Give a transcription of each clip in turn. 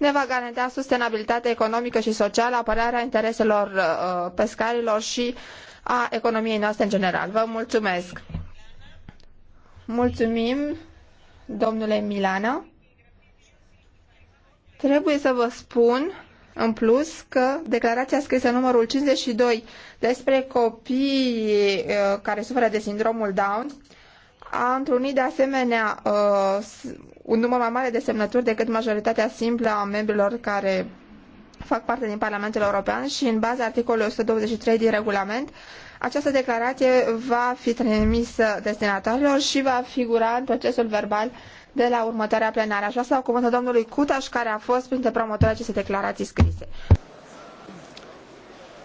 ne va garanta sustenabilitatea economică și socială, apărarea intereselor uh, pescarilor și a economiei noastre în general. Vă mulțumesc! Mulțumim, domnule Milana. Trebuie să vă spun în plus că declarația scrisă numărul 52 despre copiii uh, care suferă de sindromul Down a întrunit de asemenea uh, un număr mai mare de semnături decât majoritatea simplă a membrilor care fac parte din Parlamentul European și în baza articolului 123 din regulament, această declarație va fi trimisă destinatarilor și va figura în procesul verbal de la următoarea plenară. Așa s-au cuvântul domnului Cutaș, care a fost printre promotorii acestei declarații scrise.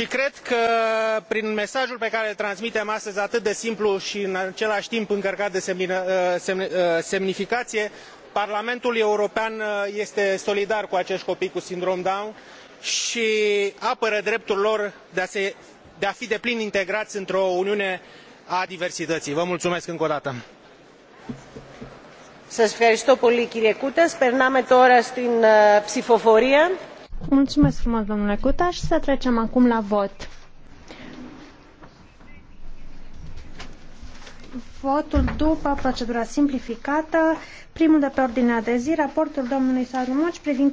i cred că prin mesajul pe care îl transmitem astăzi atât de simplu i în acelai timp încărcat de uh, uh, semnificaie parlamentul european uh, este solidar cu aceti copii cu sindrom down i apără dreptul lor de a fi deplin integrai într o uniune a diversităii. Vă mulțumesc încă o dată. Mulțumesc frumos, domnule cuta și Să trecem acum la vot. Votul după procedura simplificată, primul de pe ordinea de zi, raportul domnului Sarumoci privind